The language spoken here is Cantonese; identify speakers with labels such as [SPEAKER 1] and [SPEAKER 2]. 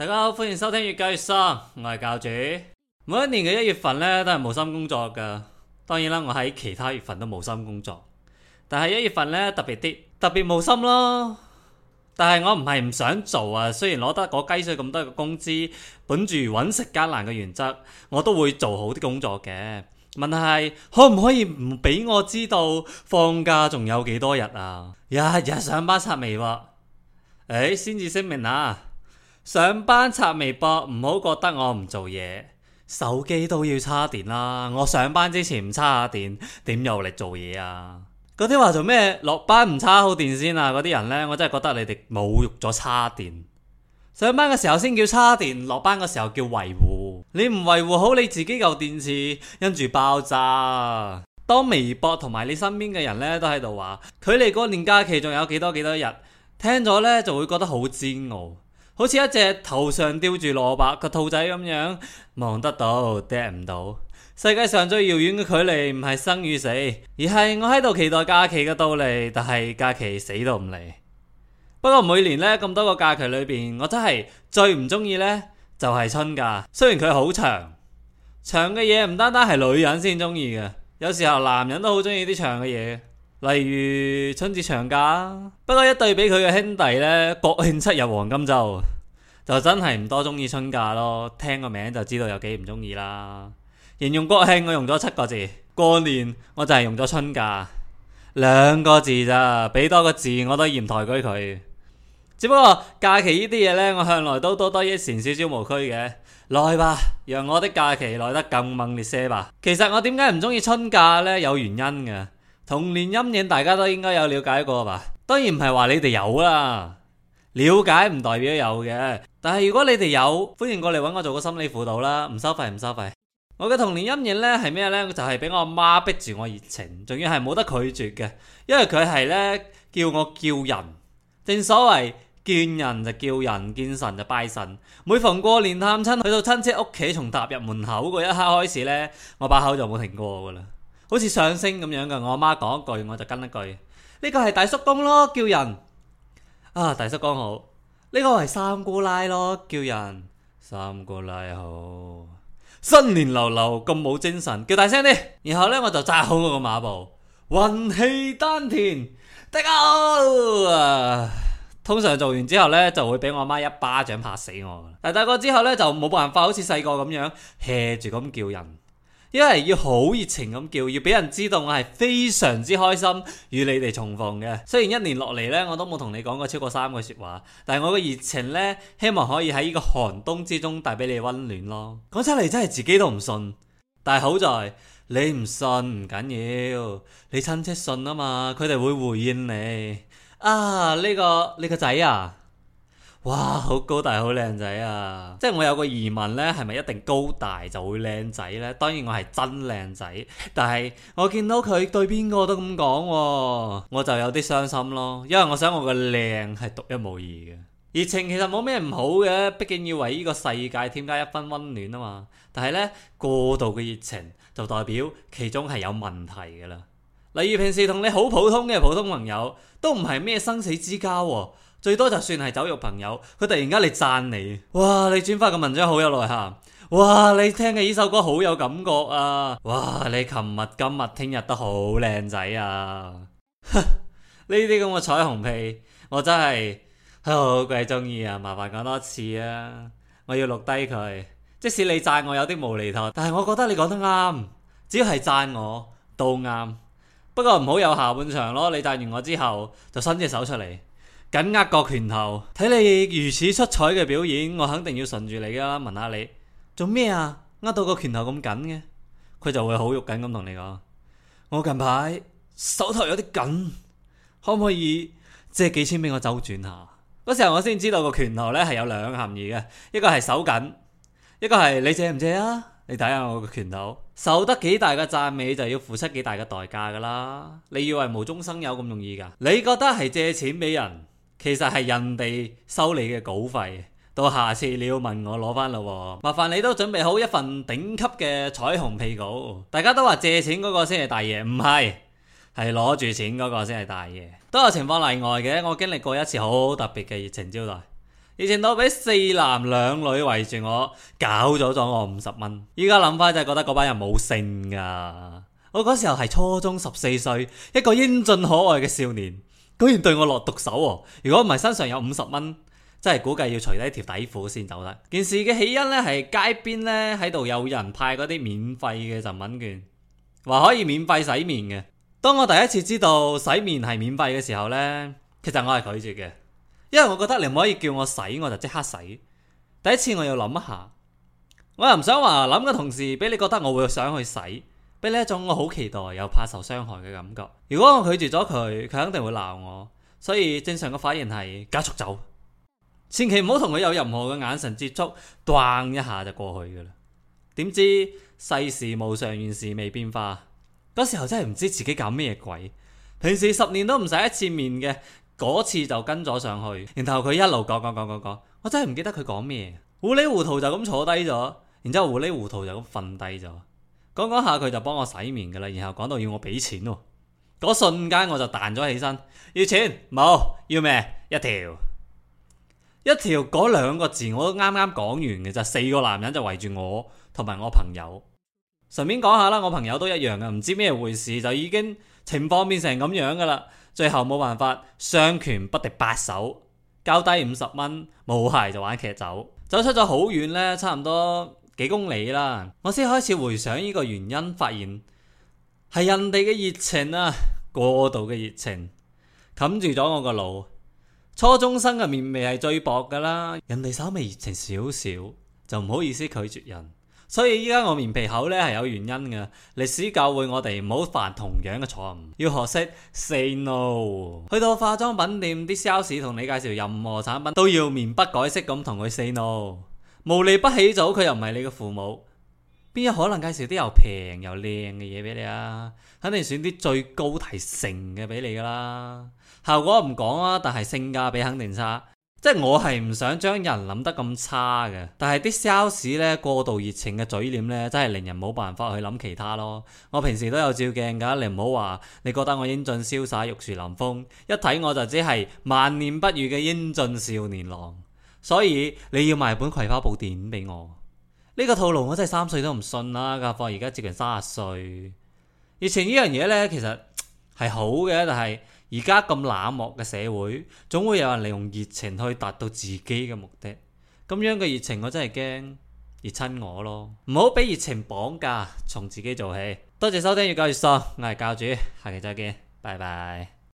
[SPEAKER 1] 大家好，歡迎收聽粵教粵喪，我係教主。每一年嘅一月份咧都係冇心工作噶，當然啦，我喺其他月份都冇心工作，但係一月份咧特別啲，特別冇心咯。但係我唔係唔想做啊，雖然攞得嗰雞碎咁多嘅工資，本住搵食艱難嘅原則，我都會做好啲工作嘅。問題係可唔可以唔俾我知道放假仲有幾多日啊？日日上班刷微博，誒、哎，先至聲明啊！上班刷微博，唔好覺得我唔做嘢，手機都要叉電啦。我上班之前唔叉下電，點有力做嘢啊？嗰啲話做咩落班唔叉好電先啊？嗰啲人呢，我真係覺得你哋侮辱咗叉電。上班嘅時候先叫叉電，落班嘅時候叫維護。你唔維護好你自己嚿電池，因住爆炸。當微博同埋你身邊嘅人呢都喺度話，距離過年假期仲有幾多幾多日，聽咗呢就會覺得好煎熬。好似一隻頭上吊住蘿蔔個兔仔咁樣，望得到，掟唔到。世界上最遙遠嘅距離唔係生與死，而係我喺度期待假期嘅到嚟，但係假期死都唔嚟。不過每年呢咁多個假期裏邊，我真係最唔中意呢，就係春假。雖然佢好長，長嘅嘢唔單單係女人先中意嘅，有時候男人都好中意啲長嘅嘢。例如春節長假，不過一對比佢嘅兄弟呢，國慶七日黃金周就真係唔多中意春假咯。聽個名就知道有幾唔中意啦。形容國慶我用咗七個字，過年我就係用咗春假兩個字咋，俾多個字我都嫌抬舉佢。只不過假期呢啲嘢呢，我向來都多多益善，少少無拘嘅。來吧，讓我的假期來得更猛烈些吧。其實我點解唔中意春假呢？有原因嘅。童年陰影大家都應該有了解過吧？當然唔係話你哋有啦，了解唔代表有嘅。但係如果你哋有，歡迎過嚟揾我做個心理輔導啦，唔收費唔收費。我嘅童年陰影呢係咩呢？就係俾我阿媽逼住我熱情，仲要係冇得拒絕嘅，因為佢係呢叫我叫人。正所謂見人就叫人，見神就拜神。每逢過年探親，去到親戚屋企，從踏入門口嗰一刻開始呢，我把口就冇停過噶啦。好似相聲咁樣嘅，我阿媽講一句我就跟一句。呢、這個係大叔公咯，叫人。啊，大叔公好。呢、這個係三姑奶咯，叫人。三姑奶好。新年流流咁冇精神，叫大聲啲。然後呢，我就扎好我個馬步，運氣丹田，滴、啊！通常做完之後呢，就會俾我阿媽一巴掌拍死我。但大個之後呢，就冇辦法，好似細個咁樣 hea 住咁叫人。因為要好熱情咁叫，要俾人知道我係非常之開心與你哋重逢嘅。雖然一年落嚟咧，我都冇同你講過超過三句說話，但係我嘅熱情咧，希望可以喺呢個寒冬之中帶俾你溫暖咯。講出嚟真係自己都唔信，但係好在你唔信唔緊要，你親戚信啊嘛，佢哋會回應你。啊，呢、呢個呢個仔啊！哇，好高大，好靚仔啊！即係我有個疑問呢，係咪一定高大就會靚仔呢？當然我係真靚仔，但係我見到佢對邊個都咁講喎，我就有啲傷心咯。因為我想我個靚係獨一無二嘅。熱情其實冇咩唔好嘅，畢竟要為呢個世界添加一分溫暖啊嘛。但係呢，過度嘅熱情就代表其中係有問題㗎啦。例如平時同你好普通嘅普通朋友，都唔係咩生死之交喎。最多就算係酒肉朋友，佢突然間嚟讚你，哇！你轉發嘅文章好有內涵，哇！你聽嘅呢首歌好有感覺啊，哇！你琴日、今日、聽日都好靚仔啊，呢啲咁嘅彩虹屁，我真係好鬼中意啊！麻煩講多次啊，我要錄低佢。即使你讚我有啲無厘頭，但係我覺得你講得啱，只要係讚我都啱。不過唔好有下半場咯，你讚完我之後就伸隻手出嚟。緊握個拳頭，睇你如此出彩嘅表演，我肯定要順住你噶啦。問下你做咩啊？握到個拳頭咁緊嘅，佢就會好肉緊咁同你講：我近排手頭有啲緊，可唔可以借幾千俾我周轉下？嗰時候我先知道個拳頭呢係有兩含義嘅，一個係手緊，一個係你借唔借啊？你睇下我個拳頭，受得幾大嘅讚美就要付出幾大嘅代價噶啦。你以為無中生有咁容易噶？你覺得係借錢俾人？其實係人哋收你嘅稿費，到下次你要問我攞翻咯，麻煩你都準備好一份頂級嘅彩虹屁稿，大家都話借錢嗰個先係大爺，唔係，係攞住錢嗰個先係大爺，都有情況例外嘅。我經歷過一次好特別嘅熱情招待，熱情到俾四男兩女圍住我，搞咗咗我五十蚊。依家諗翻就係覺得嗰班人冇性噶。我嗰時候係初中十四歲，一個英俊可愛嘅少年。居然對我落毒手喎、哦！如果唔係身上有五十蚊，真係估計要除低條底褲先走得。件事嘅起因呢，係街邊呢喺度有人派嗰啲免費嘅贈品券，話可以免費洗面嘅。當我第一次知道洗面係免費嘅時候呢，其實我係拒絕嘅，因為我覺得你唔可以叫我洗，我就即刻洗。第一次我要諗一下，我又唔想話諗嘅同時，俾你覺得我會想去洗。俾呢一種我好期待又怕受傷害嘅感覺。如果我拒絕咗佢，佢肯定會鬧我。所以正常嘅反應係加速走，千祈唔好同佢有任何嘅眼神接觸，噔一下就過去㗎啦。點知世事無常，人事未變化，嗰時候真係唔知自己搞咩鬼。平時十年都唔使一次面嘅，嗰次就跟咗上去，然後佢一路講講講講講，我真係唔記得佢講咩，糊裏糊塗就咁坐低咗，然之後糊裏糊塗就咁瞓低咗。講講下佢就幫我洗面噶啦，然後講到要我俾錢喎，嗰瞬間我就彈咗起身，要錢冇，要咩一條一條嗰兩個字我都啱啱講完嘅就四個男人就圍住我同埋我朋友，順便講下啦，我朋友都一樣嘅，唔知咩回事就已經情況變成咁樣噶啦，最後冇辦法，雙拳不敵八手，交低五十蚊，冇鞋就玩劇走，走出咗好遠呢，差唔多，幾公里啦，我先開始回想呢個原因，發現係人哋嘅熱情啊，過度嘅熱情，冚住咗我個腦。初中生嘅面皮係最薄噶啦，人哋稍微熱情少少就唔好意思拒絕人，所以依家我面皮厚呢係有原因嘅。歷史教會我哋唔好犯同樣嘅錯誤，要學識 say no。去到化妝品店，啲 sales 同你介紹任何產品，都要面不改色咁同佢 say no。無利不起早。佢又唔係你嘅父母，邊有可能介紹啲又平又靚嘅嘢俾你啊？肯定選啲最高提成嘅俾你噶啦，效果唔講啊，但係性價比肯定差。即係我係唔想將人諗得咁差嘅，但係啲 sales 呢過度熱情嘅嘴臉呢，真係令人冇辦法去諗其他咯。我平時都有照鏡噶，你唔好話你覺得我英俊瀟灑、玉樹臨風，一睇我就只係萬年不遇嘅英俊少年郎。所以你要賣本《葵花寶典》俾我？呢個套路我真係三歲都唔信啦！何況而家接近三十歲，熱情呢樣嘢呢，其實係好嘅，但係而家咁冷漠嘅社會，總會有人利用熱情去達到自己嘅目的。咁樣嘅熱情，我真係驚熱親我咯！唔好俾熱情綁架，從自己做起。多謝收聽《粵教粵喪》，我係教主，下期再見，拜拜。